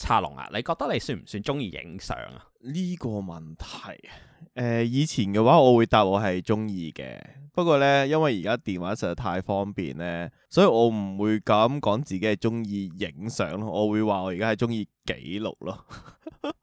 插龍啊！你覺得你算唔算中意影相啊？呢個問題，誒、呃，以前嘅話我會答我係中意嘅，不過呢，因為而家電話實在太方便呢，所以我唔會咁講自己係中意影相。我會話我而家係中意記錄咯。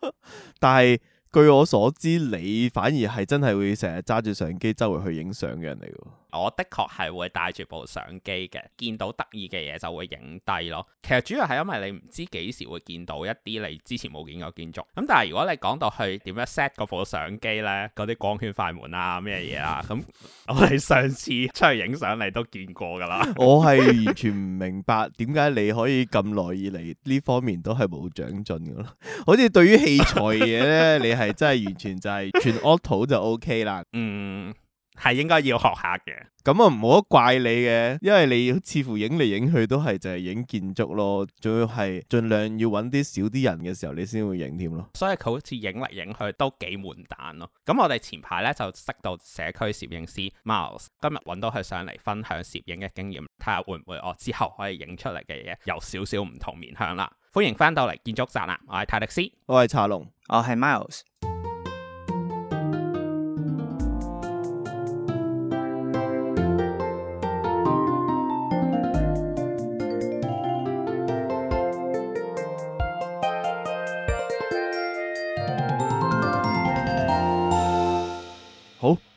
但係據我所知，你反而係真係會成日揸住相機周圍去影相嘅人嚟嘅。我的確係會帶住部相機嘅，見到得意嘅嘢就會影低咯。其實主要係因為你唔知幾時會見到一啲你之前冇見過建築。咁但係如果你講到去點樣 set 嗰部相機呢，嗰啲光圈快門啊咩嘢啊，咁、啊、我哋上次出去影相你都見過噶啦。我係完全唔明白點解你可以咁耐以嚟，呢方面都係冇長進噶咯。好似對於器材嘢呢，你係真係完全就係全 auto 就 OK 啦。嗯。係應該要學下嘅，咁啊唔好怪你嘅，因為你要似乎影嚟影去都係就係影建築咯，仲要係盡量要揾啲少啲人嘅時候你先會影添咯。所以佢好似影嚟影去都幾悶蛋咯。咁我哋前排呢就識到社區攝影師 Miles，今日揾到佢上嚟分享攝影嘅經驗，睇下會唔會我之後可以影出嚟嘅嘢有少少唔同面向啦。歡迎翻到嚟建築宅啦，我係泰迪斯，我係查龍，我係 Miles。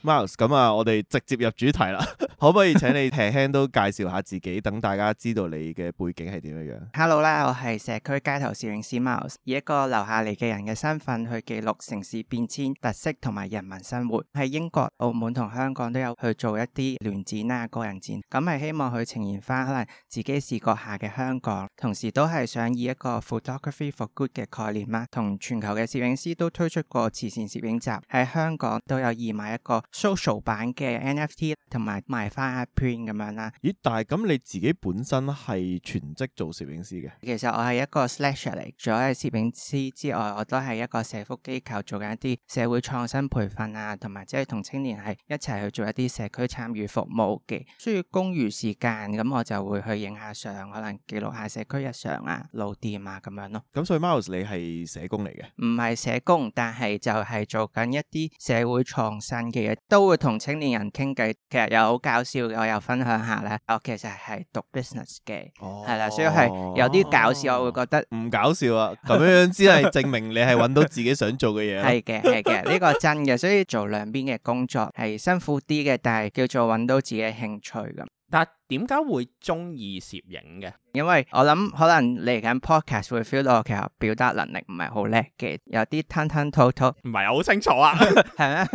Miles，咁啊，我哋直接入主題啦。 可唔可以請你輕輕都介紹下自己，等大家知道你嘅背景係點樣？Hello 啦，我係社區街頭攝影師 Miles，以一個留下嚟嘅人嘅身份去記錄城市變遷、特色同埋人民生活。喺英國、澳門同香港都有去做一啲聯展啊、個人展，咁係希望去呈現翻可能自己視覺下嘅香港。同時都係想以一個 photography for good 嘅概念啦，同全球嘅攝影師都推出過慈善攝影集。喺香港都有義賣一個 social 版嘅 NFT，同埋賣，翻一篇咁樣啦。咦、嗯？但係咁你自己本身係全職做攝影師？嘅其實我係一個 slasher 嚟，除咗係攝影師之外，我都係一個社福機構做緊一啲社會創新培訓啊，同埋即係同青年係一齊去做一啲社區參與服務嘅。需要公餘時間，咁，我就會去影下相，可能記錄下社區日常啊、老店啊咁樣咯。咁所以 Miles 你係社工嚟嘅？唔係社工，但係就係做緊一啲社會創新嘅嘢，都會同青年人傾偈。其實又好教。搞笑嘅我又分享下咧，我其實係讀 business 嘅，係啦、哦，所以係有啲搞笑，哦、我會覺得唔搞笑啊！咁樣樣只係證明你係搵到自己想做嘅嘢。係嘅， 係嘅，呢、呢個真嘅。所以做兩邊嘅工作係辛苦啲嘅，但係叫做搵到自己興趣咁。但點解會中意攝影嘅？因為我諗可能嚟緊 podcast 會 feel 到我其實表達能力唔係好叻嘅，有啲吞吞吐吐，唔係好清楚啊，係嘛？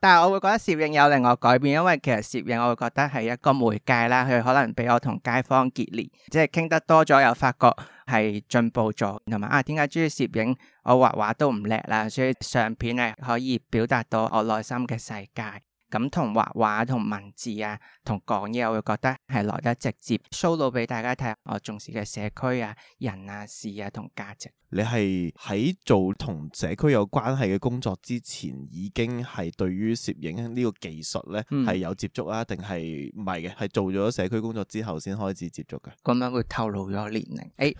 但係我會覺得攝影有令我改變，因為其實攝影我會覺得係一個媒介啦，佢可能俾我同街坊結連，即係傾得多咗又發覺係進步咗，同埋啊點解中意攝影？我畫畫都唔叻啦，所以相片係可以表達到我內心嘅世界。咁同畫畫、同文字啊、同講嘢，我會覺得係來得直接。solo 俾大家睇我重視嘅社區啊、人啊、事啊同價值。你係喺做同社區有關係嘅工作之前，已經係對於攝影呢個技術咧係、嗯、有接觸啊？定係唔係嘅？係做咗社區工作之後先開始接觸嘅。咁樣會透露咗年齡。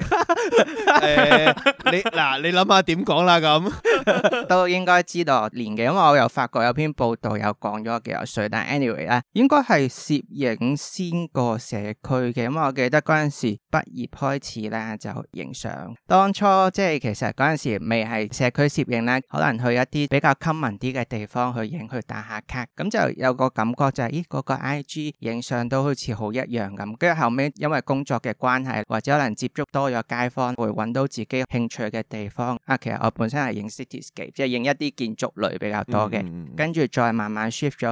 誒你嗱，你諗下點講啦？咁 都應該知道年紀，因為我又發覺有篇報道有講咗。幾廿歲，但係 anyway 咧，應該係攝影先過社區嘅。咁啊，我記得嗰陣時畢業開始咧就影相。當初即係其實嗰陣時未係社區攝影咧，可能去一啲比較 common 啲嘅地方去影，去打下卡。咁就有個感覺就係，咦，嗰個 IG 影相都好似好一樣咁。跟住後尾因為工作嘅關係，或者可能接觸多咗街坊，會搵到自己興趣嘅地方。啊，其實我本身係影 cityscape，即係影一啲建築類比較多嘅，跟住再慢慢 shift 咗。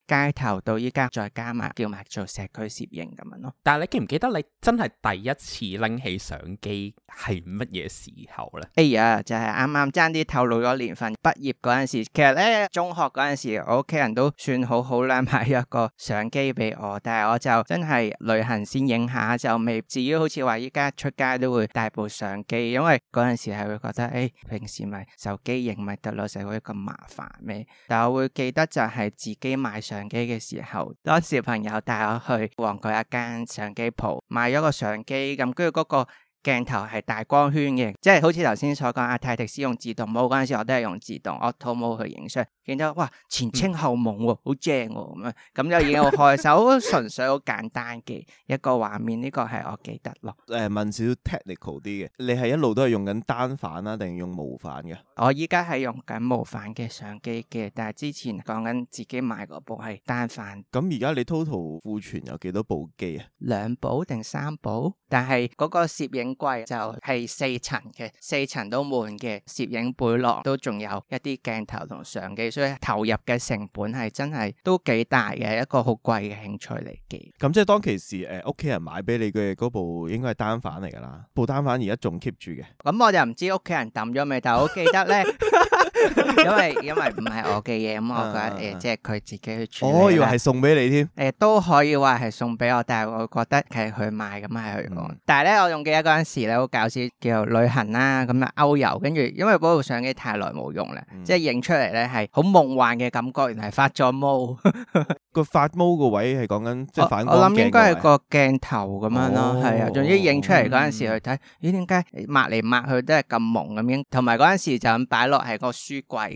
街頭到依家再加埋叫埋做社區攝影咁樣咯。但係你記唔記得你真係第一次拎起相機係乜嘢時候咧？哎呀，就係啱啱爭啲透露咗年份畢業嗰陣時。其實咧中學嗰陣時，我屋企人都算好好啦，買一個相機俾我。但係我就真係旅行先影下，就未至於好似話依家出街都會帶部相機，因為嗰陣時係會覺得誒、哎、平時咪手機影咪得咯，使鬼咁麻煩咩？但係我會記得就係自己買相相機嘅時候，當時朋友帶我去旺角一間相機鋪，買咗個相機咁，跟住嗰個。鏡頭係大光圈嘅，即係好似頭先所講阿泰迪使用自動模嗰陣時，我都係用自動 auto，我套模去影相，見到哇前清後濛喎、啊，嗯、好正喎咁樣，咁就已經好開心，好 純粹好簡單嘅一個畫面，呢、呢個係我記得咯。誒、嗯、問少 technical 啲嘅，你係一路都係用緊單反啦、啊，定用無反嘅？我依家係用緊無反嘅相機嘅，但係之前講緊自己買嗰部係單反。咁而家你 total 庫存有幾多部機啊？兩部定三部？但係嗰個攝影。貴就係四層嘅，四層都滿嘅，攝影背囊都仲有一啲鏡頭同相機，所以投入嘅成本係真係都幾大嘅，一個好貴嘅興趣嚟嘅。咁即係當其時誒，屋、呃、企人買俾你嘅嗰部應該係單反嚟噶啦，部單反而家仲 keep 住嘅。咁、嗯、我就唔知屋企人抌咗未，但係我好記得咧。 因為因為唔係我嘅嘢，咁我覺得誒，即係佢自己去處理。我以為係送俾你添。誒，都可以話係送俾我，但係我覺得係佢買咁係佢講。但係咧，我仲記得嗰陣時咧，好搞笑叫做旅行啦，咁啊歐遊，跟住因為嗰部相機太耐冇用啦，即係影出嚟咧係好夢幻嘅感覺，然係發咗毛。個發毛個位係講緊即係反光鏡位。我諗應該係個鏡頭咁樣咯，係啊，總之影出嚟嗰陣時去睇，咦點解抹嚟抹去都係咁矇咁樣？同埋嗰陣時就咁擺落係個。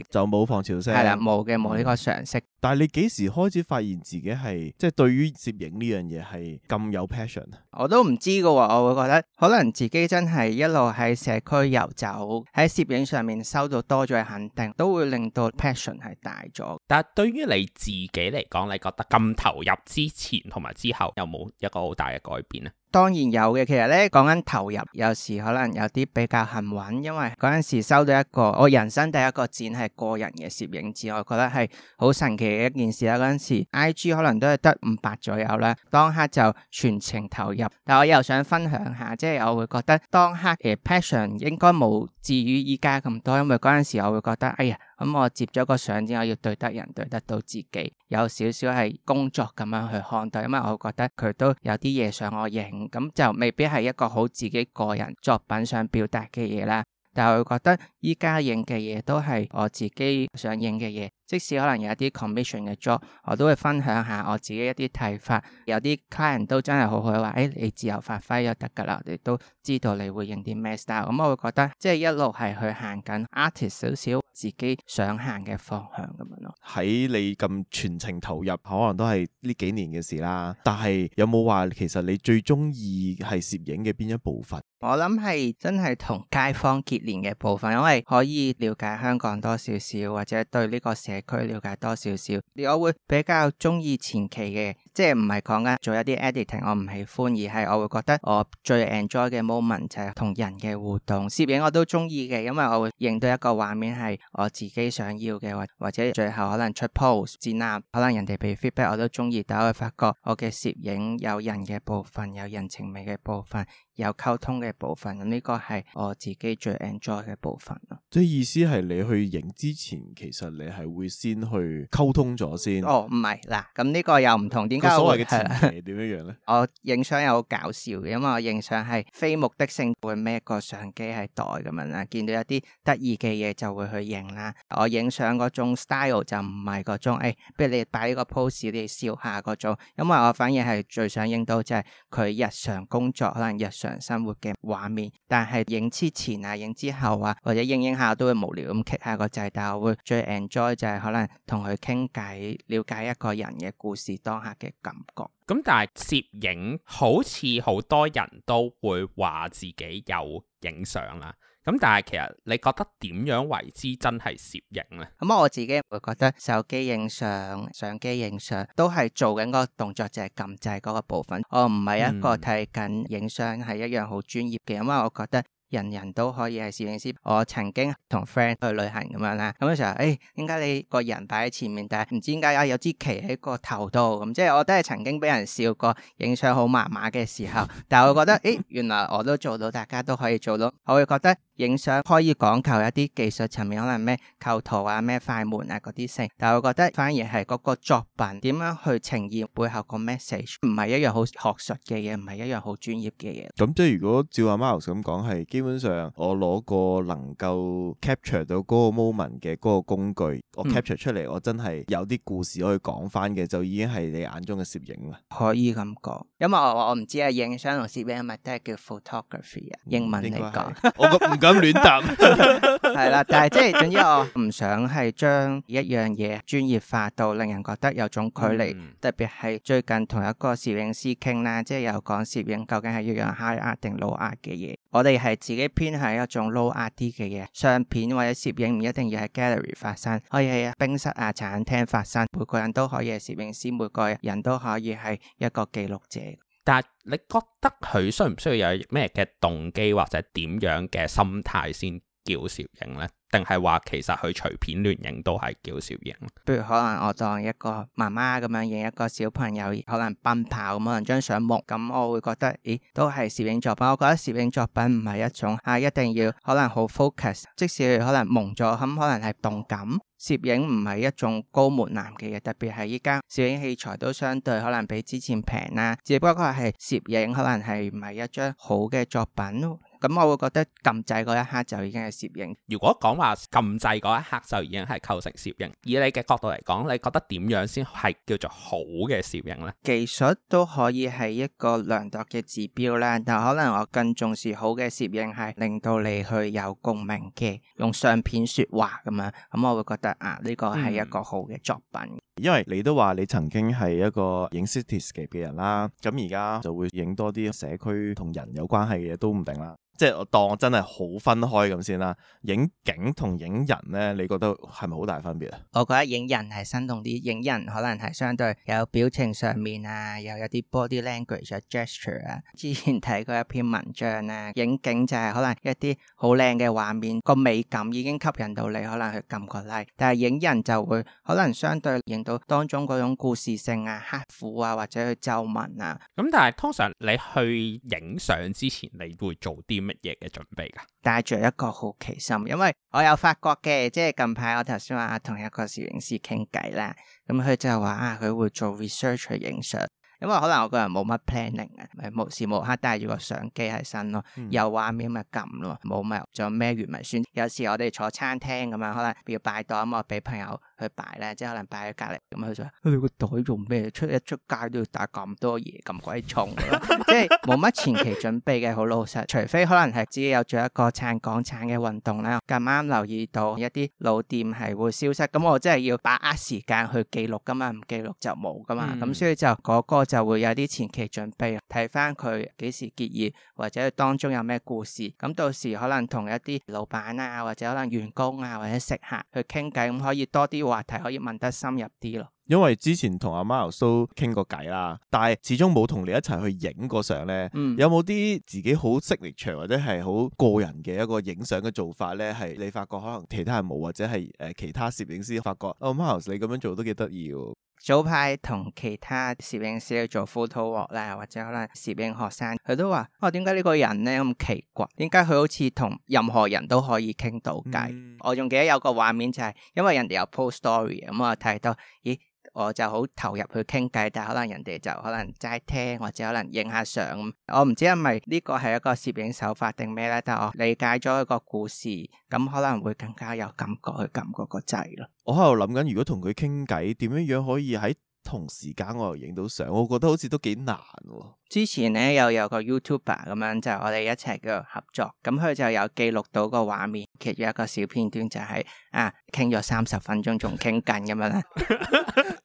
就冇防潮聲，係啦，冇嘅，冇呢個常識。但係你幾時開始發現自己係即係對於攝影呢樣嘢係咁有 passion 啊？我都唔知噶，我會覺得可能自己真係一路喺社區游走，喺攝影上面收到多咗嘅肯定，都會令到 passion 係大咗。但係對於你自己嚟講，你覺得咁投入之前同埋之後有冇一個好大嘅改變咧？當然有嘅。其實咧，講緊投入，有時可能有啲比較幸運，因為嗰陣時收到一個我人生第一個展係個人嘅攝影展，我覺得係好神奇。嘅一件事啦，嗰陣時 I G 可能都係得五百左右啦。當刻就全程投入，但我又想分享下，即係我會覺得當刻嘅 passion 應該冇至於依家咁多，因為嗰陣時我會覺得，哎呀，咁、嗯、我接咗個相之後我要對得人對得到自己，有少少係工作咁樣去看待，因為我會覺得佢都有啲嘢想我影，咁就未必係一個好自己個人作品想表達嘅嘢啦。但係我會覺得。依家影嘅嘢都係我自己想影嘅嘢，即使可能有一啲 commission 嘅 job，我都會分享下我自己一啲睇法。有啲 client 都真係好好話，誒、哎，你自由發揮就得㗎啦，你都知道你會影啲咩 style。咁、嗯、我會覺得即係一路係去行緊 artist 少少自己想行嘅方向咁樣咯。喺你咁全程投入，可能都係呢幾年嘅事啦。但係有冇話其實你最中意係攝影嘅邊一部分？我諗係真係同街坊結連嘅部分，因為。可以了解香港多少少，或者對呢個社區了解多少少。我會比較中意前期嘅，即係唔係講緊做一啲 editing，我唔喜歡，而係我會覺得我最 enjoy 嘅 moment 就係同人嘅互動。攝影我都中意嘅，因為我會影到一個畫面係我自己想要嘅，或或者最後可能出 post 展覽，可能人哋俾 feedback 我都中意，但係我會發覺我嘅攝影有人嘅部分，有人情味嘅部分。有溝通嘅部分，咁呢個係我自己最 enjoy 嘅部分咯。即係意思係你去影之前，其實你係會先去溝通咗先。哦，唔係嗱，咁呢個又唔同點解？所謂嘅前提點樣咧？ 我影相又好搞笑嘅，因為我影相係非目的性，會孭個相機喺袋咁樣啦，見到一啲得意嘅嘢就會去影啦。我影相嗰種 style 就唔係嗰種，哎，不如你擺呢個 pose，你哋笑下嗰種。因為我反而係最想影到，就係佢日常工作可能日常生活嘅畫面，但係影之前啊，影之後啊，或者影影下都會無聊咁㩒下個掣，但我會最 enjoy 就係可能同佢傾偈，了解一個人嘅故事，當下嘅感覺。咁、嗯、但係攝影好似好多人都會話自己有影相啦。咁但係其實你覺得點樣為之真係攝影呢？咁我自己會覺得手機影相、相機影相都係做緊嗰個動作，就係撳掣嗰個部分。我唔係一個睇緊影相係一樣好專業嘅，因為、嗯、我覺得人人都可以係攝影師。我曾經同 friend 去旅行咁樣啦。咁嗰時候誒，點、哎、解你個人擺喺前面，但係唔知點解有支旗喺個頭度咁？即係我都係曾經俾人笑過影相好麻麻嘅時候， 但係我覺得誒、哎，原來我都做到，大家都可以做到，我會覺得。影相可以講求一啲技術層面，可能咩構圖啊、咩快門啊嗰啲性，但係我覺得反而係嗰個作品點樣去呈現背後個 message，唔係一樣好學術嘅嘢，唔係一樣好專業嘅嘢。咁即係如果照阿 Miles 咁講，係基本上我攞個能夠 capture 到嗰個 moment 嘅嗰個工具，我 capture 出嚟，我真係有啲故事可以講返嘅，就已經係你眼中嘅攝影啦。可以咁講，因為我我唔知啊，影相同攝影係咪都係叫 photography 啊？英文嚟講。咁亂答，係啦， 但係即係總之，我唔想係將一樣嘢專業化到令人覺得有種距離。嗯、特別係最近同一個攝影師傾啦，即係又講攝影究竟係要用 high art 定 low art 嘅嘢。我哋係自己偏向一種 low art 啲嘅嘢。相片或者攝影唔一定要喺 gallery 發生，可以喺冰室啊、茶餐廳發生。每個人都可以係攝影師，每個人都可以係一個記錄者。但係你覺得佢需唔需要有咩嘅動機或者點樣嘅心態先？叫攝影呢？定係話其實佢隨便亂影都係叫攝影。譬如可能我當一個媽媽咁樣影一個小朋友可能奔跑咁，可能張相目，咁我會覺得，咦，都係攝影作品。我覺得攝影作品唔係一種啊，一定要可能好 focus，即使可能蒙咗咁，可能係動感攝影，唔係一種高門檻嘅嘢。特別係依家攝影器材都相對可能比之前平啦，只不過係攝影可能係唔係一張好嘅作品。咁我會覺得撳掣嗰一刻就已經係攝影。如果講話撳掣嗰一刻就已經係構成攝影，以你嘅角度嚟講，你覺得點樣先係叫做好嘅攝影呢？技術都可以係一個量度嘅指標啦，但係可能我更重視好嘅攝影係令到你去有共鳴嘅，用相片説話咁樣。咁我會覺得啊，呢個係一個好嘅作品。因為你都話你曾經係一個影 cityscape 嘅人啦，咁而家就會影多啲社區同人有關係嘅嘢都唔定啦。即係我當我真係好分開咁先啦，影景同影人咧，你覺得係咪好大分別啊？我覺得影人係生動啲，影人可能係相對有表情上面啊，又有啲 body language 啊、gesture 啊。之前睇過一篇文章啊，影景就係可能一啲好靚嘅畫面，個美感已經吸引到你，可能去撳個 like。但係影人就會可能相對影到當中嗰種故事性啊、刻苦啊，或者佢皺紋啊。咁但係通常你去影相之前，你會做啲乜嘢嘅準備噶？帶住一個好奇心，因為我有發覺嘅，即係近排我頭先話同一個攝影師傾偈啦，咁佢就話啊，佢會做 research 去影相。因為可能我個人冇乜 planning 啊，無時無刻帶住個相機喺身咯、嗯，有畫面咪撳咯，冇咪仲咩嘢，唔係。有時我哋坐餐廳咁啊，可能要擺袋咁，我俾朋友去擺咧，即係可能擺喺隔籬咁佢就，你個袋用咩？出一出街都要帶咁多嘢，咁鬼重， 即係冇乜前期準備嘅。好老實，除非可能係自己有做一個撐港產嘅運動啦。咁啱留意到一啲老店係會消失，咁我真係要把握時間去記錄㗎嘛，唔記錄就冇㗎嘛。咁、嗯、所以就嗰、嗰個就會有啲前期準備，睇翻佢幾時結業，或者當中有咩故事。咁到時可能同一啲老闆啊，或者可能員工啊，或者食客去傾偈，咁可以多啲話題，可以問得深入啲咯。因為之前同阿 Miles 傾過偈啦，但係始終冇同你一齊去影過相咧。嗯、有冇啲自己好識力場，或者係好個人嘅一個影相嘅做法咧？係你發覺可能其他人冇，或者係誒其他攝影師發覺，阿 Miles 你咁樣做都幾得意。早排同其他攝影師去做 photo walk 啦，或者可能攝影學生，佢都話：，哦，點解呢個人咧咁奇怪？點解佢好似同任何人都可以傾到偈？嗯、我仲記得有個畫面就係、是，因為人哋有 post story，咁我睇到，咦？我就好投入去傾偈，但可能人哋就可能齋聽，或者可能影下相。我唔知係咪呢個係一個攝影手法定咩咧？但係我理解咗一個故事，咁可能會更加有感覺去撳嗰個掣咯。我喺度諗緊，如果同佢傾偈，點樣樣可以喺。同時間我又影到相，我覺得好似都幾難喎、啊。之前咧又有，有個 YouTuber 咁樣，就係、我哋一齊嘅合作，咁佢就有記錄到個畫面，其中一個小片段就係、係、啊傾咗三十分鐘仲傾緊咁樣啦。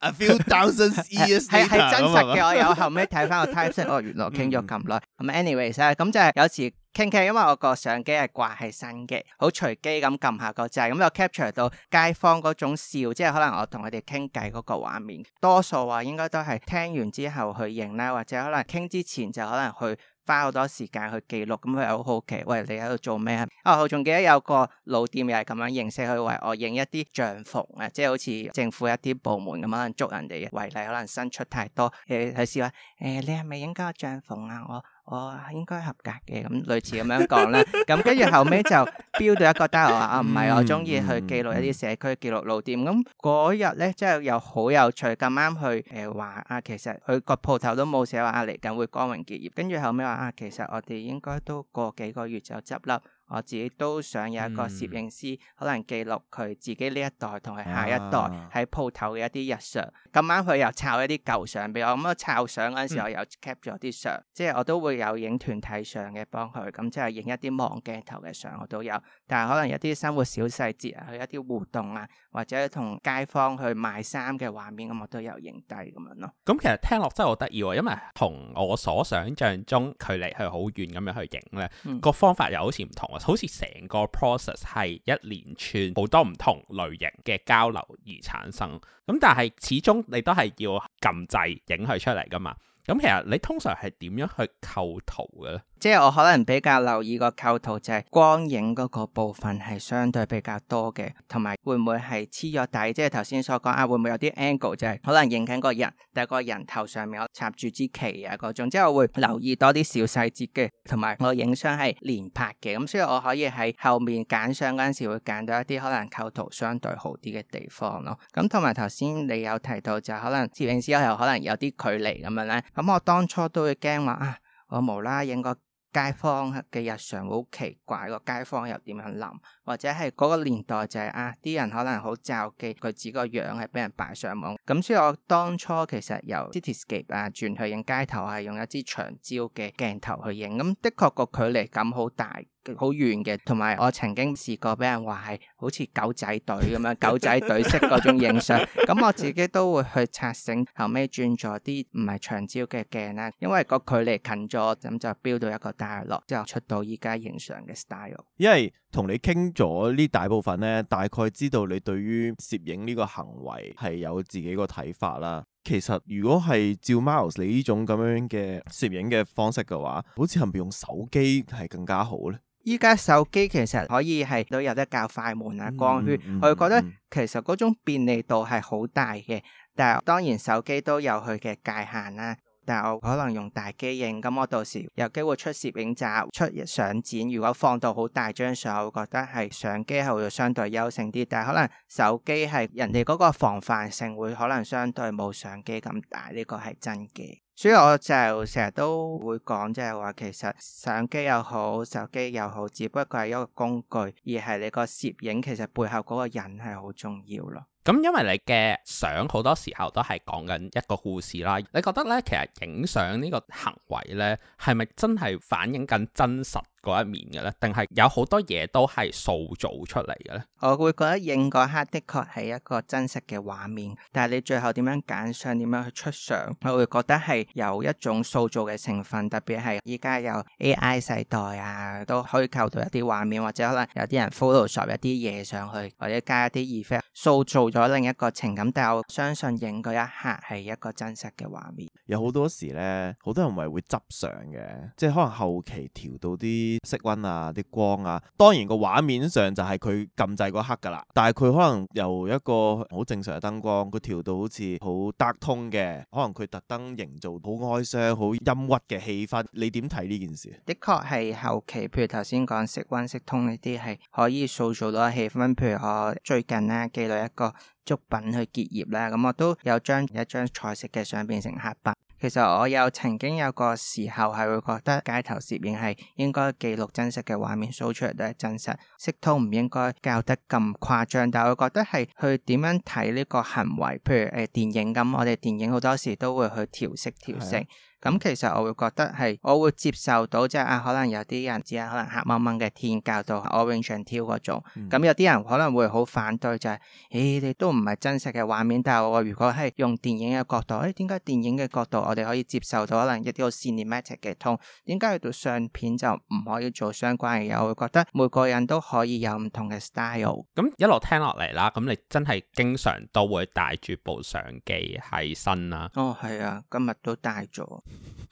A few thousands years 係、 啊、是真實嘅， 我有後尾睇翻個 time 先、 哦，我原來傾咗咁耐。咁 anyways 啊，咁、anyway，就係有時。傾傾，因為我個相機係掛喺身嘅，好隨機咁撳下個掣，咁就 capture 到街坊嗰種笑，即係可能我同佢哋傾偈嗰個畫面。多數話應該都係聽完之後去影啦，或者可能傾之前就可能去花好多時間去記錄。咁佢好好奇，喂，你喺度做咩啊？我、哦、仲記得有個老店又係咁樣認識佢，為我影一啲帳篷，嘅，即係好似政府一啲部門咁可能捉人哋嘅，為例可能新出太多，誒、呃，睇師話，誒、呃，你係咪影加個帳篷啊？我。我、哦、應該合格嘅，咁、嗯、類似咁樣講啦。咁跟住後尾就標到一個單話，啊唔係，我中意、哦、去記錄一啲社區記錄老店。咁嗰、嗯、日咧，即係又好有趣，咁啱去誒話啊，其實佢個鋪頭都冇寫話嚟緊會光榮結業，跟住後尾話啊，其實我哋應該都過幾個月就執笠。我自己都想有一個攝影師，嗯、可能記錄佢自己呢一代同佢下一代喺鋪頭嘅一啲日常。啊、今晚佢又摷一啲舊相俾我，咁啊摷相嗰陣時，我又 cap 咗啲相，嗯、即係我都會有影團體相嘅幫佢，咁即係影一啲望鏡頭嘅相，我都有。但係可能有啲生活小細節啊，去一啲互動啊，或者同街坊去賣衫嘅畫面咁，我都有影低咁樣咯。咁其實聽落真係好得意，因為同我所想象中距離係好遠，咁樣去影呢個方法又好似唔同啊，好似成個 process 係一連串好多唔同類型嘅交流而產生咁，但係始終你都係要撳掣影佢出嚟噶嘛。咁其實你通常係點樣去構圖嘅咧？即係我可能比較留意個構圖就係光影嗰個部分係相對比較多嘅，同埋會唔會係黐咗底？即係頭先所講啊，會唔會有啲 angle 就係、是、可能影緊個人，但係個人頭上面有插住支旗啊嗰種？即係我會留意多啲小細節嘅，同埋我影相係連拍嘅，咁所以我可以喺後面揀相嗰陣時會揀到一啲可能構圖相對好啲嘅地方咯。咁同埋頭先你有提到就可能攝影師又可能有啲距離咁樣咧。咁、嗯、我當初都會驚話啊，我無啦影個街坊嘅日常好奇怪，個街坊又點樣諗，或者係嗰個年代就係、是、啊啲人可能好罩忌佢自己個樣係俾人擺上網。咁、嗯、所以我當初其實由 Cityscape 啊轉去影街頭係用一支長焦嘅鏡頭去影，咁、嗯、的確個距離感好大。好遠嘅，同埋我曾經試過俾人話係好似狗仔隊咁樣， 狗仔隊式嗰種影相。咁 我自己都會去拆醒，後尾轉咗啲唔係長焦嘅鏡啦，因為個距離近咗，咁就飆到一個大落，之後出到依家影相嘅 style。因為同你傾咗呢，大部分呢，大概知道你對於攝影呢個行為係有自己個睇法啦。其實如果係照 Miles 你呢種咁樣嘅攝影嘅方式嘅話，好似係咪用手機係更加好呢？依家手機其實可以係都有得較快門啊、光圈，我會覺得其實嗰種便利度係好大嘅。但係當然手機都有佢嘅界限啦。但係我可能用大機影，咁我到時有機會出攝影集、出相展。如果放到好大張相，我覺得係相機係會相對優勝啲。但係可能手機係人哋嗰個防範性會可能相對冇相機咁大，呢個係真嘅。所以我就成日都會講，即係話其實相機又好，手機又好，只不過係一個工具，而係你個攝影其實背後嗰個人係好重要咯。咁、嗯、因為你嘅相好多時候都係講緊一個故事啦。你覺得咧，其實影相呢個行為咧，係咪真係反映緊真實？嗰一面嘅咧，定係有好多嘢都係塑造出嚟嘅咧？我會覺得影嗰刻的確係一個真實嘅畫面，但係你最後點樣揀，想點樣去出相，我會覺得係有一種塑造嘅成分。特別係依家有 AI 世代啊，都可以構到一啲畫面，或者可能有啲人 Photoshop 一啲嘢上去，或者加一啲 effect，塑造咗另一個情感。但係我相信影嗰一刻係一個真實嘅畫面。有好多時咧，好多人唔係會執相嘅，即係可能後期調到啲。啲色溫啊，啲光啊，當然個畫面上就係佢㩒掣嗰刻噶啦，但係佢可能由一個好正常嘅燈光，佢調到好似好得通嘅，可能佢特登營造好哀傷、好陰鬱嘅氣氛，你點睇呢件事？的確係後期，譬如頭先講色溫、色通呢啲係可以塑造到嘅氣氛。譬如我最近呢記錄一個作品去結業啦，咁我都有將一張彩色嘅相變成黑白。其實我有曾經有個時候係會覺得街頭攝影係應該記錄真實嘅畫面，掃出嚟都係真實，色調唔應該校得咁誇張。但係我覺得係去點樣睇呢個行為，譬如誒電影咁，我哋電影好多時都會去調色調色。咁其實我會覺得係，我會接受到即係啊，可能有啲人只係可能黑掹掹嘅天教到我永遠跳嗰種，咁、嗯、有啲人可能會好反對，就係、是，誒、哎、你都唔係真實嘅畫面，但係我如果係用電影嘅角度，誒點解電影嘅角度我哋可以接受到可能一啲好 cinematic 嘅 tone，點解去到相片就唔可以做相關嘅嘢？我會覺得每個人都可以有唔同嘅 style。咁、嗯、一路聽落嚟啦，咁你真係經常都會帶住部相機喺身啦、啊。哦，係啊，今日都帶咗。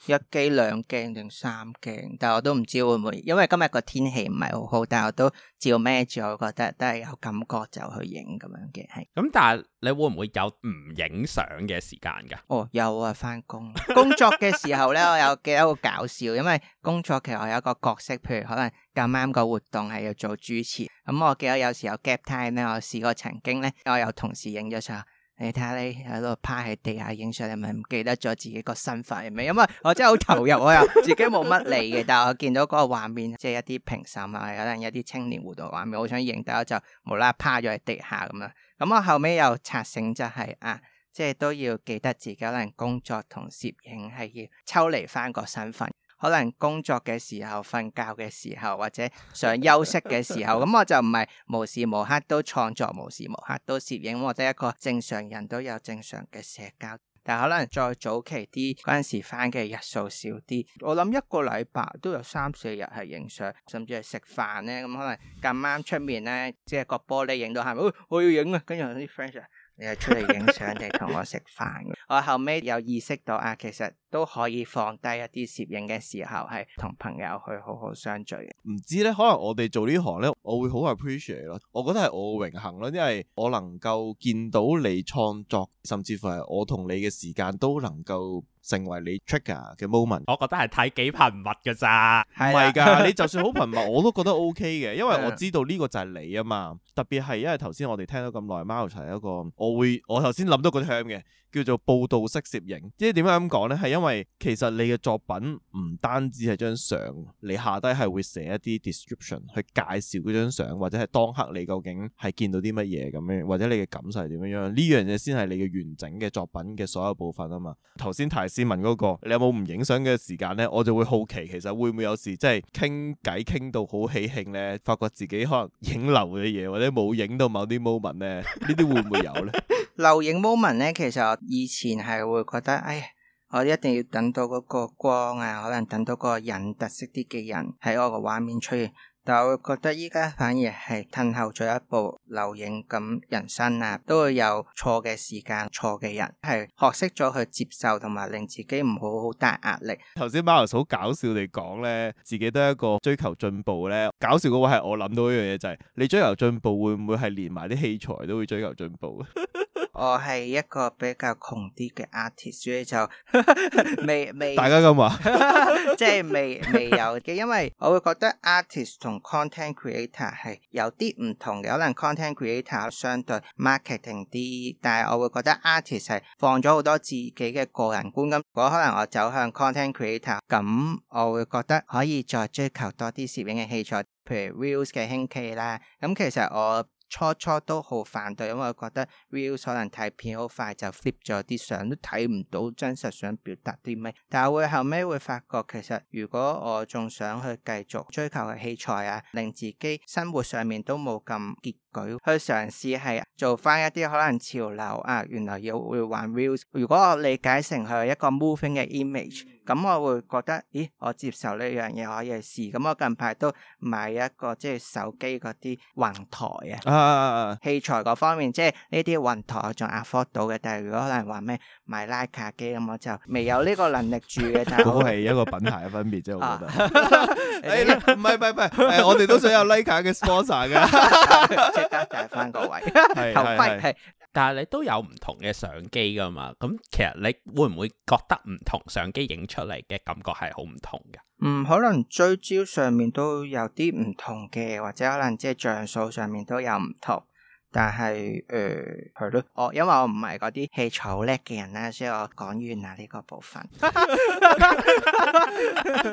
一機兩鏡定三鏡，但係我都唔知會唔會，因為今日個天氣唔係好好，但係我都照咩照，我覺得都係有感覺就去影咁樣嘅係。咁、嗯、但係你會唔會有唔影相嘅時間噶？哦，有啊，翻工。 工作嘅時候咧，我有記得好搞笑，因為工作其實我有一個角色，譬如可能咁啱個活動係要做主持，咁、嗯、我記得有時候有 gap time 咧，我試過曾經咧，我有同時影咗相。你睇下你喺度趴喺地下影相，你咪唔記得咗自己個身份係咪？因為啊，我真係好投入， 我又自己冇乜理嘅。但係我見到嗰個畫面，即係一啲評審啊，可能一啲青年活動畫面，好想影得，我就無啦趴咗喺地下咁樣。咁我後尾又提醒、就是，就係啊，即係都要記得自己可能工作同攝影係要抽離翻個身份。可能工作嘅時候、瞓覺嘅時候，或者想休息嘅時候，咁 我就唔係無時無刻都創作、無時無刻都攝影，我得一個正常人都有正常嘅社交。但可能再早期啲嗰陣時，返嘅日數少啲。我諗一個禮拜都有三四日係影相，甚至係食飯咧，咁可能咁啱出面咧，即係個玻璃影到下面，哎，我要影啊！跟住啲 friend 你係出嚟影相定同我食飯？我後屘有意識到啊，其實都可以放低一啲攝影嘅時候，係同朋友去好好相聚嘅。唔知咧，可能我哋做這行呢行咧。我會好 appreciate 咯，我覺得係我嘅榮幸咯，因為我能夠見到你創作，甚至乎係我同你嘅時間都能夠成為你 trigger 嘅 moment。我覺得係睇幾頻密㗎咋，唔係㗎。 你就算好頻密，我都覺得 O K 嘅，因為我知道呢個就係你啊嘛。特別係因為頭先我哋聽到咁耐 m o u 係一個我會我頭先諗到嗰啲嘅。叫做報道式攝影，即係點解咁講呢？係因為其實你嘅作品唔單止係張相，你下低係會寫一啲 description 去介紹嗰張相，或者係當刻你究竟係見到啲乜嘢咁樣，或者你嘅感受係點樣樣？呢樣嘢先係你嘅完整嘅作品嘅所有部分啊嘛。頭先泰斯問嗰個，「你有冇唔影相嘅時間呢？」我就會好奇，其實會唔會有時即係傾偈傾到好喜慶呢？發覺自己可能影漏嘅嘢，或者冇影到某啲 moment 呢？呢啲會唔會有呢？ 留影 moment 咧，其實我以前係會覺得，誒、哎，我一定要等到嗰個光啊，可能等到嗰個人特色啲嘅人喺我個畫面出現。但係我會覺得依家反而係褪後咗一步。留影咁人生啊，都會有錯嘅時間、錯嘅人，係學識咗去接受同埋令自己唔好好大壓力。頭先 Miles 好搞笑地講咧，自己都係一個追求進步咧。搞笑嗰個係我諗到一樣嘢就係、是、你追求進步，會唔會係連埋啲器材都會追求進步？ 我係一個比較窮啲嘅 artist，所以就未未大家咁話，即係 未未有嘅。因為我會覺得 artist 同 content creator 係有啲唔同嘅。可能 content creator 相對 marketing 啲，但係我會覺得 artist 係放咗好多自己嘅個人觀咁。如果可能我走向 content creator，咁我會覺得可以再追求多啲攝影嘅器材，譬如 reels 嘅興起啦。咁其實我初初都好反對，因為覺得 real 可能睇片好快就 flip 咗啲相，都睇唔到真實想表達啲咩。但係我會後尾會發覺，其實如果我仲想去繼續追求嘅器材啊，令自己生活上面都冇咁結。佢去嘗試係做翻一啲可能潮流啊，原來要玩 reels。如果我理解成佢係一個 moving 嘅 image，咁我會覺得，咦，我接受呢樣嘢可以試。咁我近排都買一個即係手機嗰啲雲台啊，器材嗰方面，即係呢啲雲台我仲 afford 到嘅。但係如果可能話咩買 Leica 機咁，我就未有呢個能力住嘅。但都係一個品牌嘅分別啫，我覺得。誒，唔係唔係唔係，我哋都想有 Leica 嘅 sponsor 㗎。加曬翻個位頭盔係， 是但係你都有唔同嘅相機㗎嘛？咁其實你會唔會覺得唔同相機影出嚟嘅感覺係好唔同㗎？嗯，可能追焦上面都有啲唔同嘅，或者可能即係像素上面都有唔同。但係，誒，係咯，我、呃的哦、因為我唔係嗰啲器材好叻嘅人咧，所以我講完啦呢個部分。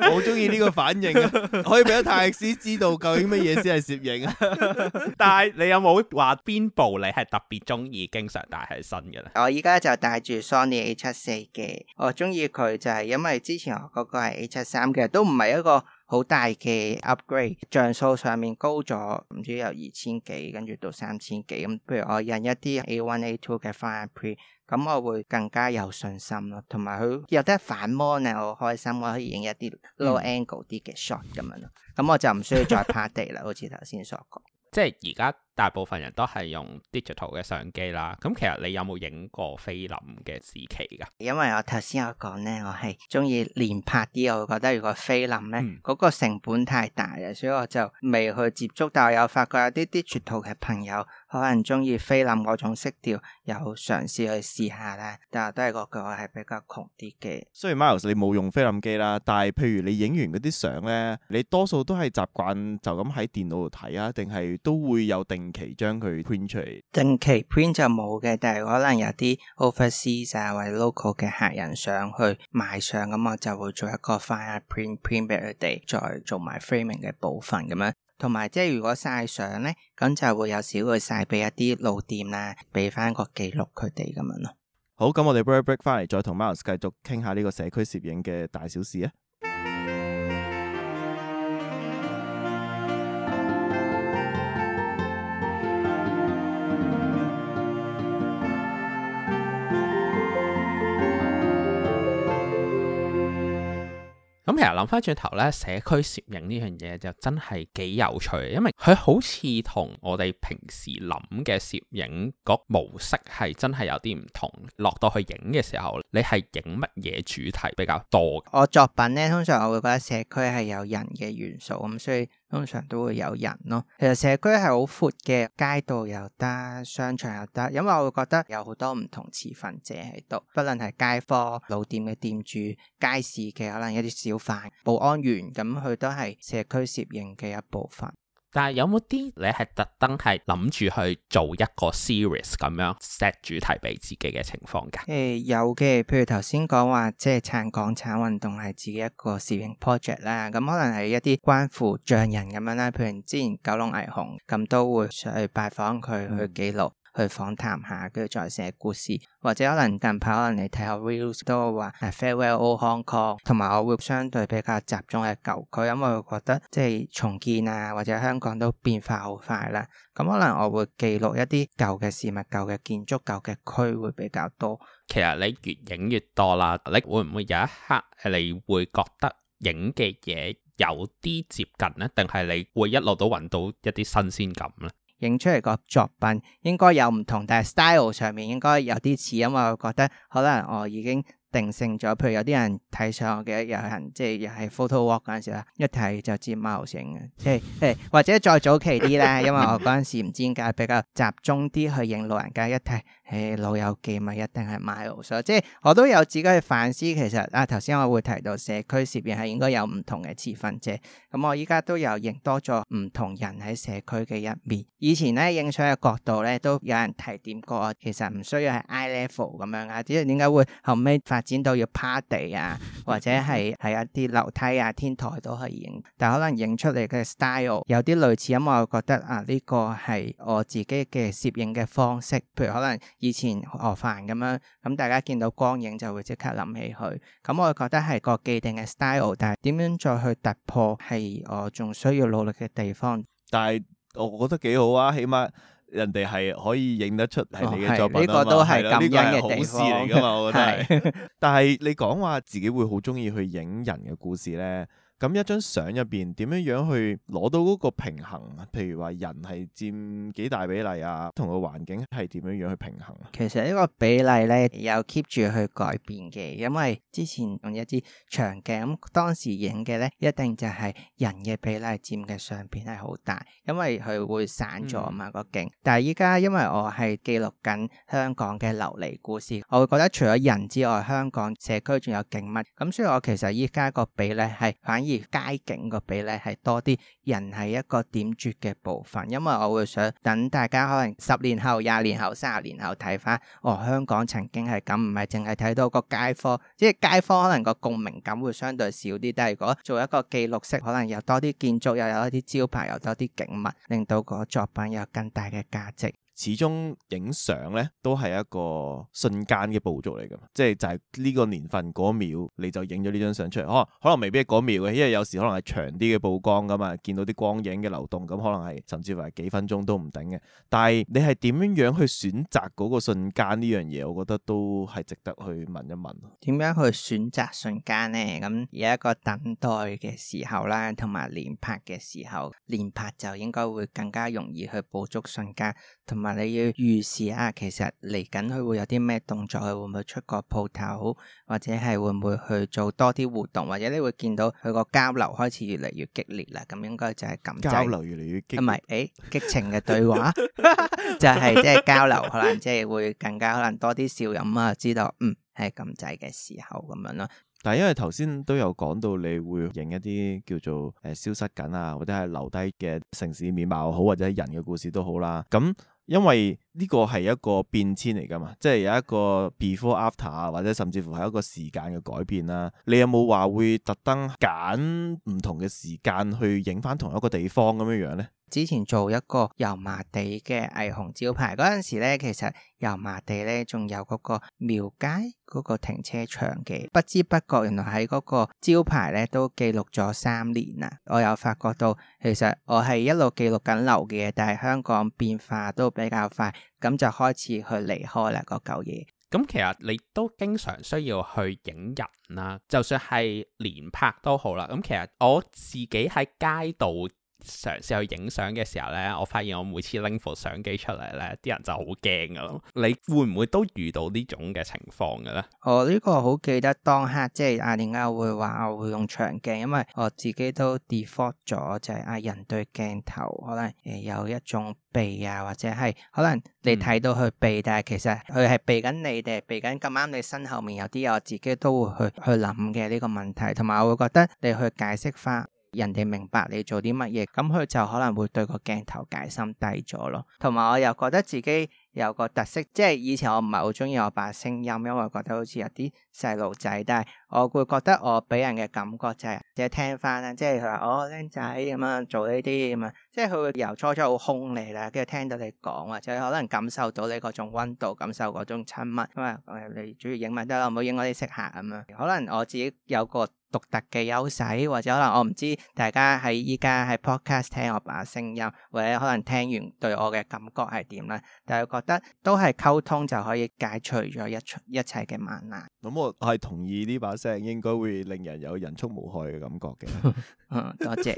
我好中意呢個反應啊！可以俾阿泰克斯知道究竟乜嘢先係攝影啊？ 但係你有冇話邊部你係特別中意，經常戴喺身嘅咧？我依家就戴住 Sony A 七四嘅，我中意佢就係因為之前我嗰個係 A 七三嘅，其實都唔係一個。好大嘅 upgrade，像素上面高咗，唔知由二千幾跟住到三千幾咁。譬如我印一啲 A1、A2 嘅 fine print，咁我會更加有信心咯。同埋佢有得反芒咧，我好開心我可以影一啲 low angle 啲嘅 shot 咁樣咯。咁我就唔需要再趴地啦， 好似頭先所講。即係而家。大部分人都係用 digital 嘅相機啦，咁其實你有冇影過菲林嘅時期㗎？因為我頭先我講咧，我係中意連拍啲，我覺得如果菲林咧嗰、嗯、個成本太大啊，所以我就未去接觸。但我有發覺有啲 Digital 嘅朋友可能中意菲林嗰種色調，有嘗試去試下咧，但係都係嗰句，我係比較窮啲嘅。雖然 Miles 你冇用菲林機啦，但係譬如你影完嗰啲相咧，你多數都係習慣就咁喺電腦度睇啊，定係都會有定定期將佢 print 出嚟，定期 print 就冇嘅，但係可能有啲 overseas、啊、或者 local 嘅客人上去賣相，咁我就會做一個 fine print print 俾佢哋，再做埋 framing 嘅部分咁樣。同埋即係如果晒相咧，咁就會有時會晒俾一啲老店啦，俾翻個記錄佢哋咁樣咯。好，咁我哋 break break 翻嚟再同 Miles 繼續傾下呢個社區攝影嘅大小事啊！咁其實諗翻轉頭咧，社區攝影呢樣嘢就真係幾有趣，因為佢好似同我哋平時諗嘅攝影個模式係真係有啲唔同。落到去影嘅時候，你係影乜嘢主題比較多嘅？我作品咧，通常我會覺得社區係有人嘅元素咁，所以。通常都會有人咯，其實社區係好闊嘅，街道又得，商場又得，因為我會覺得有好多唔同持份者喺度，不論係街坊、老店嘅店主、街市嘅可能一啲小販、保安員，咁佢都係社區攝影嘅一部分。但係有冇啲你係特登係諗住去做一個 series 咁樣 set 主題俾自己嘅情況㗎？誒、欸、有嘅，譬如頭先講話即係撐港產運動係自己一個攝影 project 啦，咁、嗯、可能係一啲關乎匠人咁樣啦，譬如之前九龍霓虹咁都會上去拜訪佢去記錄。去訪談下，跟住再寫故事，或者可能近排可能你睇下 reels 都話 farewell old Hong Kong，同埋我會相對比較集中喺舊佢舊區，因為我覺得即係重建啊或者香港都變化好快啦。咁、嗯、可能我會記錄一啲舊嘅事物、舊嘅建築、舊嘅區會比較多。其實你越影越多啦，你會唔會有一刻你會覺得影嘅嘢有啲接近呢？定係你會一路都揾到一啲新鮮感呢？影出嚟個作品應該有唔同，但係 style 上面應該有啲似，因為我覺得可能，我已經。定性咗，譬如有啲人睇上嘅，有人即係又係 photo walk 嗰陣時啦，一睇就知 Miles 影嘅。即、hey, 係、hey, 或者再早期啲咧， 因為我嗰陣時唔知點解比較集中啲去影老人家一，一睇誒老友記咪一定係 Miles。即係我都有自己去反思，其實啊頭先，我會提到社區攝影係應該有唔同嘅持份者，咁我依家都有影多咗唔同人喺社區嘅一面，以前咧影相嘅角度咧都有人提點過，其實唔需要係 eye level 咁樣啊，只係點解會後尾發？剪到要趴地啊，或者係，係一啲樓梯啊、天台都係影，但係可能影出嚟嘅 style 有啲類似，因為我覺得啊，呢個係我自己嘅攝影嘅方式，譬如可能以前何藩咁樣，咁大家見到光影就會即刻諗起佢，咁我覺得係個既定嘅 style，但係點樣再去突破係我仲需要努力嘅地方。但係我覺得幾好啊，起碼。人哋係可以影得出係你嘅作品呢，哦這個都係感恩嘅好事嚟噶嘛。這個，我覺得， 是但係你講話自己會好中意去影人嘅故事咧。咁一張相入邊點樣樣去攞到嗰個平衡啊？譬如話人係佔幾大比例啊？同個環境係點樣樣去平衡？其實呢個比例咧有 keep 住去改變嘅，因為之前用一支長鏡，咁當時影嘅咧一定就係人嘅比例佔嘅相片係好大，因為佢會散咗啊嘛個景。但係依家因為我係記錄緊香港嘅流離故事，我會覺得除咗人之外，香港社區仲有景物。咁所以我其實依家個比例係反。而街景個比例係多啲，人係一個點綴嘅部分。因為我會想等大家可能十年後、廿年後、三十年後睇翻，哦，香港曾經係咁，唔係淨係睇到個街坊，即係街坊可能個共鳴感會相對少啲。但係如果做一個記錄式，可能又多啲建築，又有一啲招牌，又多啲景物，令到個作品有更大嘅價值。始終影相咧，都係一個瞬間嘅捕捉嚟㗎，即係就係呢個年份嗰秒你就影咗呢張相出嚟，可、啊、能可能未必嗰秒嘅，因為有時可能係長啲嘅曝光㗎嘛，見到啲光影嘅流動，咁可能係甚至乎係幾分鐘都唔定嘅。但係你係點樣樣去選擇嗰個瞬間呢樣嘢，我覺得都係值得去問一問。點樣去選擇瞬間呢？咁有一個等待嘅時候啦，同埋連拍嘅時候，連拍就應該會更加容易去捕捉瞬間，同埋。話你要預示啊，其實嚟緊佢會有啲咩動作，佢會唔會出個鋪頭，或者係會唔會去做多啲活動，或者你會見到佢個交流開始越嚟越激烈啦。咁應該就係咁。交流越嚟越激，唔係誒，激情嘅對話就係即係交流，可能即係會更加可能多啲笑飲啊，知道嗯係咁滯嘅時候咁樣咯。但係因為頭先都有講到，你會影一啲叫做誒消失緊啊，或者係留低嘅城市面貌好，或者係人嘅故事都好啦。咁因為，呢個係一個變遷嚟㗎嘛，即係有一個 before after，或者甚至乎係一個時間嘅改變啦。你有冇話會特登揀唔同嘅時間去影翻同一個地方咁樣樣呢？之前做一個油麻地嘅霓虹招牌嗰陣時呢，其實油麻地呢仲有嗰個廟街、嗰個停車場嘅，不知不覺原來喺嗰個招牌呢都記錄咗三年啦。我有發覺到其實我係一路記錄緊樓嘅，但係香港變化都比較快。咁就開始去離開啦、個舊嘢。咁、嗯、其實你都經常需要去影人啦，就算係連拍都好啦。咁、嗯、其實我自己喺街度。嘗試去影相嘅時候咧，我發現我每次拎副相機出嚟咧，啲人就好驚噶咯。你會唔會都遇到種呢種嘅情況嘅咧？哦這個、我呢個好記得當刻，即係阿點解我會話我會用長鏡，因為我自己都 default 咗，就係、是、阿、啊、人對鏡頭可能誒有一種避啊，或者係可能你睇到佢避、啊嗯，但係其實佢係避緊你哋，避緊咁啱你身後面有啲，我自己都會去去諗嘅呢個問題，同埋我會覺得你去解釋翻。人哋明白你做啲乜嘢，咁佢就可能會對個鏡頭戒心低咗咯。同埋我又覺得自己有個特色，即係以前我唔係好中意我把聲音，因為覺得好似有啲細路仔。但係我會覺得我俾人嘅感覺就係、是，即係聽翻啦，即係佢話哦，僆仔咁樣做呢啲咁啊，即係佢會由初初好兇你啦，跟住聽到你講啊，就可能感受到你嗰種溫度，感受嗰種親密。咁啊，你主要影乜得啦？唔好影嗰啲食客咁啊。可能我自己有個。獨特嘅優勢，或者可能我唔知大家喺依家喺 podcast 聽我把聲音，或者可能聽完對我嘅感覺係點咧？但係我覺得都係溝通就可以解除咗一出一切嘅萬難。咁、嗯、我係同意呢把聲應該會令人有人畜無害嘅感覺嘅。多謝，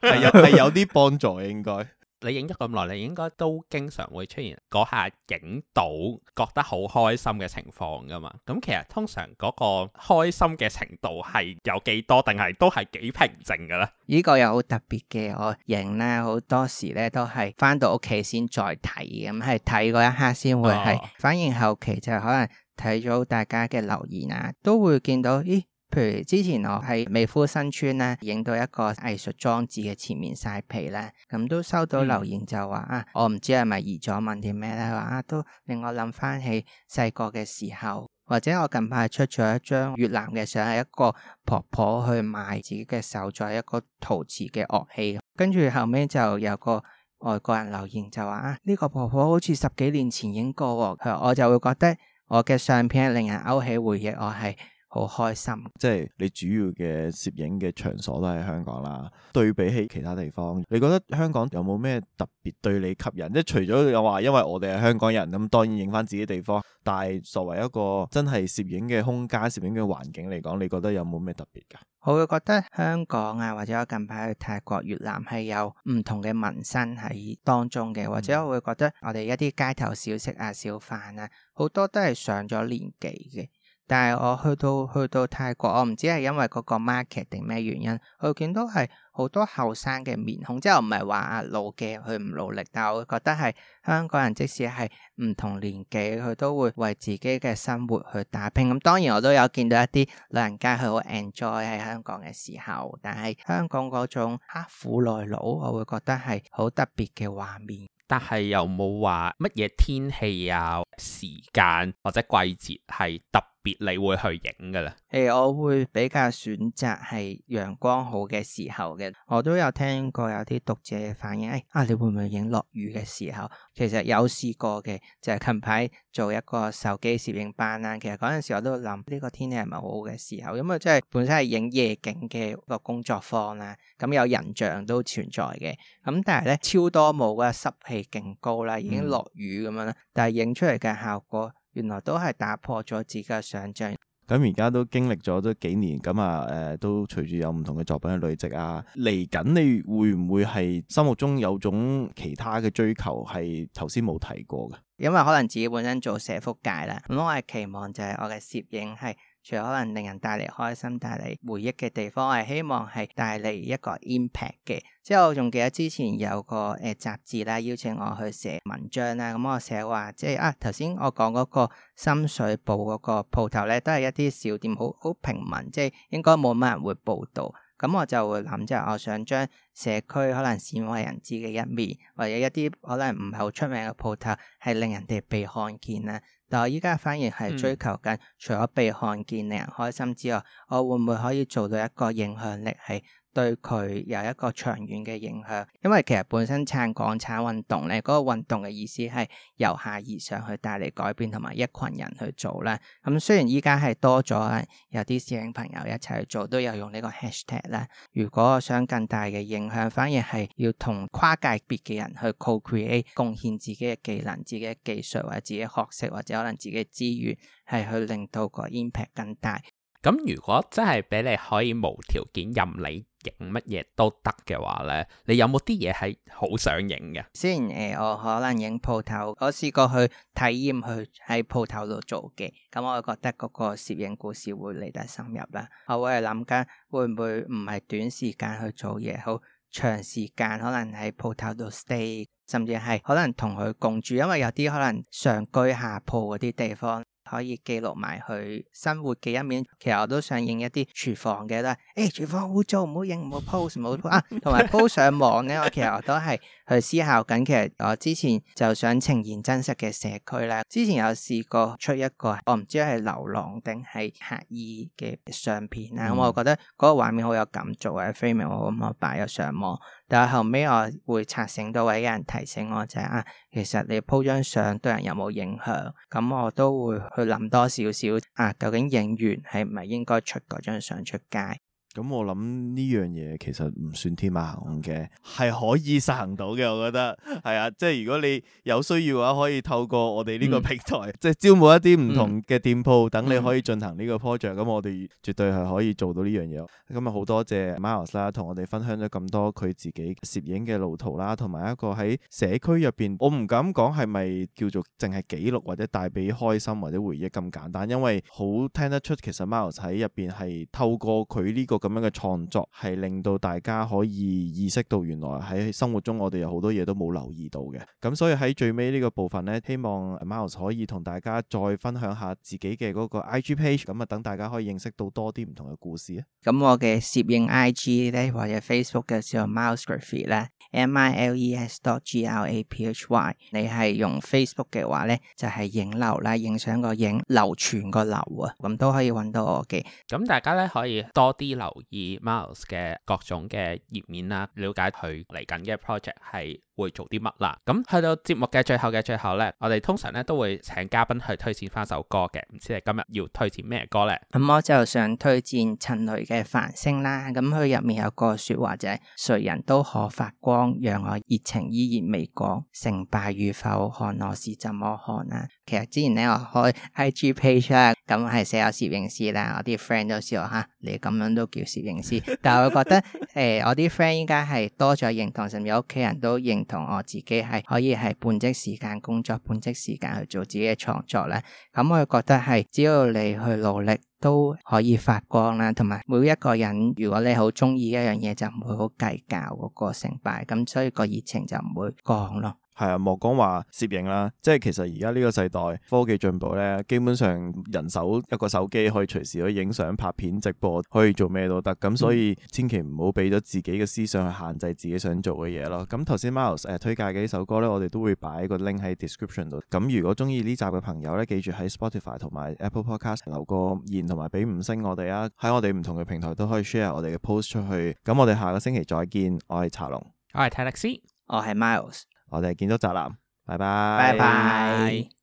係有係有啲幫助應該。你影咗咁耐，你應該都經常會出現嗰下影到覺得好開心嘅情況噶嘛？咁其實通常嗰個開心嘅程度係有幾多，定係都係幾平靜嘅咧？呢個又好特別嘅，我影咧好多時咧都係返到屋企先再睇，咁係睇嗰一下先會係、啊、反而後期，就可能睇咗大家嘅留言啊，都會見到咦。譬如之前我喺美孚新村咧影到一個藝術裝置嘅前面晒皮咧，咁都收到留言就話、嗯、啊，我唔知係咪移咗問啲咩咧，話啊都令我諗翻起細個嘅時候，或者我近排出咗一張越南嘅相，係一個婆婆去賣自己嘅手作一個陶瓷嘅樂器，跟住後尾就有個外國人留言就話啊，呢個婆婆好似十幾年前影過，佢我就會覺得我嘅相片令人勾起回憶，我係。好開心，即係你主要嘅攝影嘅場所都喺香港啦。對比起其他地方，你覺得香港有冇咩特別對你吸引？即係除咗有話因為我哋係香港人，咁當然影翻自己地方，但係作為一個真係攝影嘅空間、攝影嘅環境嚟講，你覺得有冇咩特別㗎？我會覺得香港啊，或者我近排去泰國、越南係有唔同嘅民生喺當中嘅，或者我會覺得我哋一啲街頭小食啊、小販啊，好多都係上咗年紀嘅。但係我去到去到泰國，我唔知係因為嗰個 market 定咩原因，我見到係好多後生嘅面孔。即係我唔係話老嘅佢唔努力，但係我會覺得係香港人即使係唔同年紀，佢都會為自己嘅生活去打拼。咁當然我都有見到一啲老人家佢好 enjoy 喺香港嘅時候，但係香港嗰種刻苦耐勞，我會覺得係好特別嘅畫面。但係又冇話乜嘢天氣啊、時間或者季節係特別你會去影噶啦？誒，hey, 我會比較選擇係陽光好嘅時候嘅。我都有聽過有啲讀者嘅反應，誒、哎，啊，你會唔會影落雨嘅時候？其實有試過嘅，就係、是、近排做一個手機攝影班啦。其實嗰陣時我都諗呢個天氣係咪好好嘅時候，因為即係本身係影夜景嘅個工作坊啦，咁有人像都存在嘅。咁但係咧超多霧啦，濕氣勁高啦，已經落雨咁樣啦，嗯、但係影出嚟嘅效果。原來都係打破咗自己嘅想像。咁而家都經歷咗都幾年，咁啊誒，都隨住有唔同嘅作品嘅累積啊，嚟緊你會唔會係心目中有種其他嘅追求係頭先冇提過嘅？因為可能自己本身做社福界啦，咁我係期望就係我嘅攝影係。除咗可能令人帶嚟開心、帶嚟回憶嘅地方，我係希望係帶嚟一個 impact 嘅。之後我仲記得之前有個誒雜誌啦，邀請我去寫文章啦。咁我寫話，即係啊頭先我講嗰個深水埗嗰個鋪頭咧，都係一啲小店，好好平民，即係應該冇乜人會報道。咁我就會諗即係，我想將社區可能鮮為人知嘅一面，或者一啲可能唔係好出名嘅鋪頭，係令人哋被看見啊。但我而家反而係追求緊，嗯、除咗被看見令人開心之外，我會唔會可以做到一個影響力係？對佢有一個長遠嘅影響，因為其實本身撐港產運動咧，嗰、那個運動嘅意思係由下而上去帶嚟改變，同埋一群人去做啦。咁、嗯、雖然依家係多咗有啲攝影朋友一齊去做，都有用呢個 hashtag 啦。如果我想更大嘅影響，反而係要同跨界別嘅人去 co-create，貢獻自己嘅技能、自己嘅技術或者自己學識或者可能自己嘅資源，係去令到個 impact 更大。咁如果真係俾你可以無條件任你影乜嘢，都得嘅話咧，你有冇啲嘢係好想影嘅先？誒，我可能影鋪頭，我試過去體驗，去喺鋪頭度做嘅，咁我覺得嗰個攝影故事會嚟得深入啦。我會諗緊會唔會唔係短時間去做嘢，好長時間可能喺鋪頭度 stay，甚至係可能同佢共住，因為有啲可能上居下鋪嗰啲地方。可以記錄埋佢生活嘅一面，其實我都想影一啲廚房嘅啦。誒、欸，廚房污糟，唔好影，唔好 pose，唔好啊，同埋 po 上網咧。 我其實我都係去思考緊，其實我之前就想呈現真實嘅社區咧。之前有試過出一個，我唔知係流浪定係乞兒嘅相片啦。咁、嗯、我覺得嗰個畫面好有感觸嘅 frame 我咁我擺咗上網。但係後尾我會察醒到有啲人提醒我就係、是、啊，其實你 po 張相對人有冇影響？咁我都會。去諗多少少啊，究竟影完係唔係應該出嗰張相出街？咁我諗呢樣嘢其實唔算天馬行空嘅，係可以實行到嘅。我覺得係啊，即係如果你有需要嘅話，可以透過我哋呢個平台，嗯、即係招募一啲唔同嘅店鋪，等、嗯、你可以進行呢個 project。咁、嗯、我哋絕對係可以做到呢樣嘢。咁啊好多謝 Miles 啦，同我哋分享咗咁多佢自己攝影嘅路途啦，同埋一個喺社區入邊，我唔敢講係咪叫做淨係記錄或者帶俾開心或者回憶咁簡單，因為好聽得出其實 Miles 喺入邊係透過佢呢、這個。咁樣嘅創作係令到大家可以意識到原來喺生活中我哋有好多嘢都冇留意到嘅。咁所以喺最尾呢個部分咧，希望 Miles 可以同大家再分享下自己嘅嗰個 IG page。咁啊，等大家可以認識到多啲唔同嘅故事啊。咁我嘅攝影 IG 咧或者 Facebook 嘅叫做 miles.graphy 咧，M, M I L E S dot G R A P H Y。你係用 Facebook 嘅話咧，就係、是、影流啦，影相個影，流傳個流啊。咁都可以揾到我嘅。咁大家咧可以多啲流留意 Miles 嘅各種嘅頁面啦，了解佢嚟緊嘅 project 係會做啲乜啦。咁去到節目嘅最後嘅最後咧，我哋通常咧都會請嘉賓去推薦翻首歌嘅，唔知你今日要推薦咩歌咧？咁、嗯、我就想推薦陳蕾嘅《凡星》啦。咁佢入面有個説話就係：誰人都可發光，讓我熱情依然未減。成敗與否，看我是怎麼看啊。其實之前你又開 IG page 啊。咁係寫有攝影師啦，我啲 friend 都笑我、啊、你咁樣都叫攝影師，但係我覺得誒、欸，我啲 friend 應該係多咗認同，甚至屋企人都認同我自己係可以係半職時間工作，半職時間去做自己嘅創作咧。咁、嗯、我覺得係，只要你去努力都可以發光啦。同埋每一個人，如果你好中意一樣嘢，就唔會好計較嗰個成敗。咁、嗯、所以個熱情就唔會降咯。係啊，莫講話攝影啦，即係其實而家呢個世代科技進步咧，基本上人手一個手機，可以隨時去影相、拍片、直播，可以做咩都得。咁所以千祈唔好俾咗自己嘅思想去限制自己想做嘅嘢咯。咁頭先 Miles、呃、推介嘅呢首歌咧，我哋都會擺個 link 喺 description 度。咁如果中意呢集嘅朋友咧，記住喺 Spotify 同埋 Apple Podcast 留個言同埋俾五星我哋啊。喺我哋唔同嘅平台都可以 share 我哋嘅 post 出去。咁我哋下個星期再見。我係查龍，我係 Telix，我係 Miles。我哋建築宅男，拜拜，拜拜。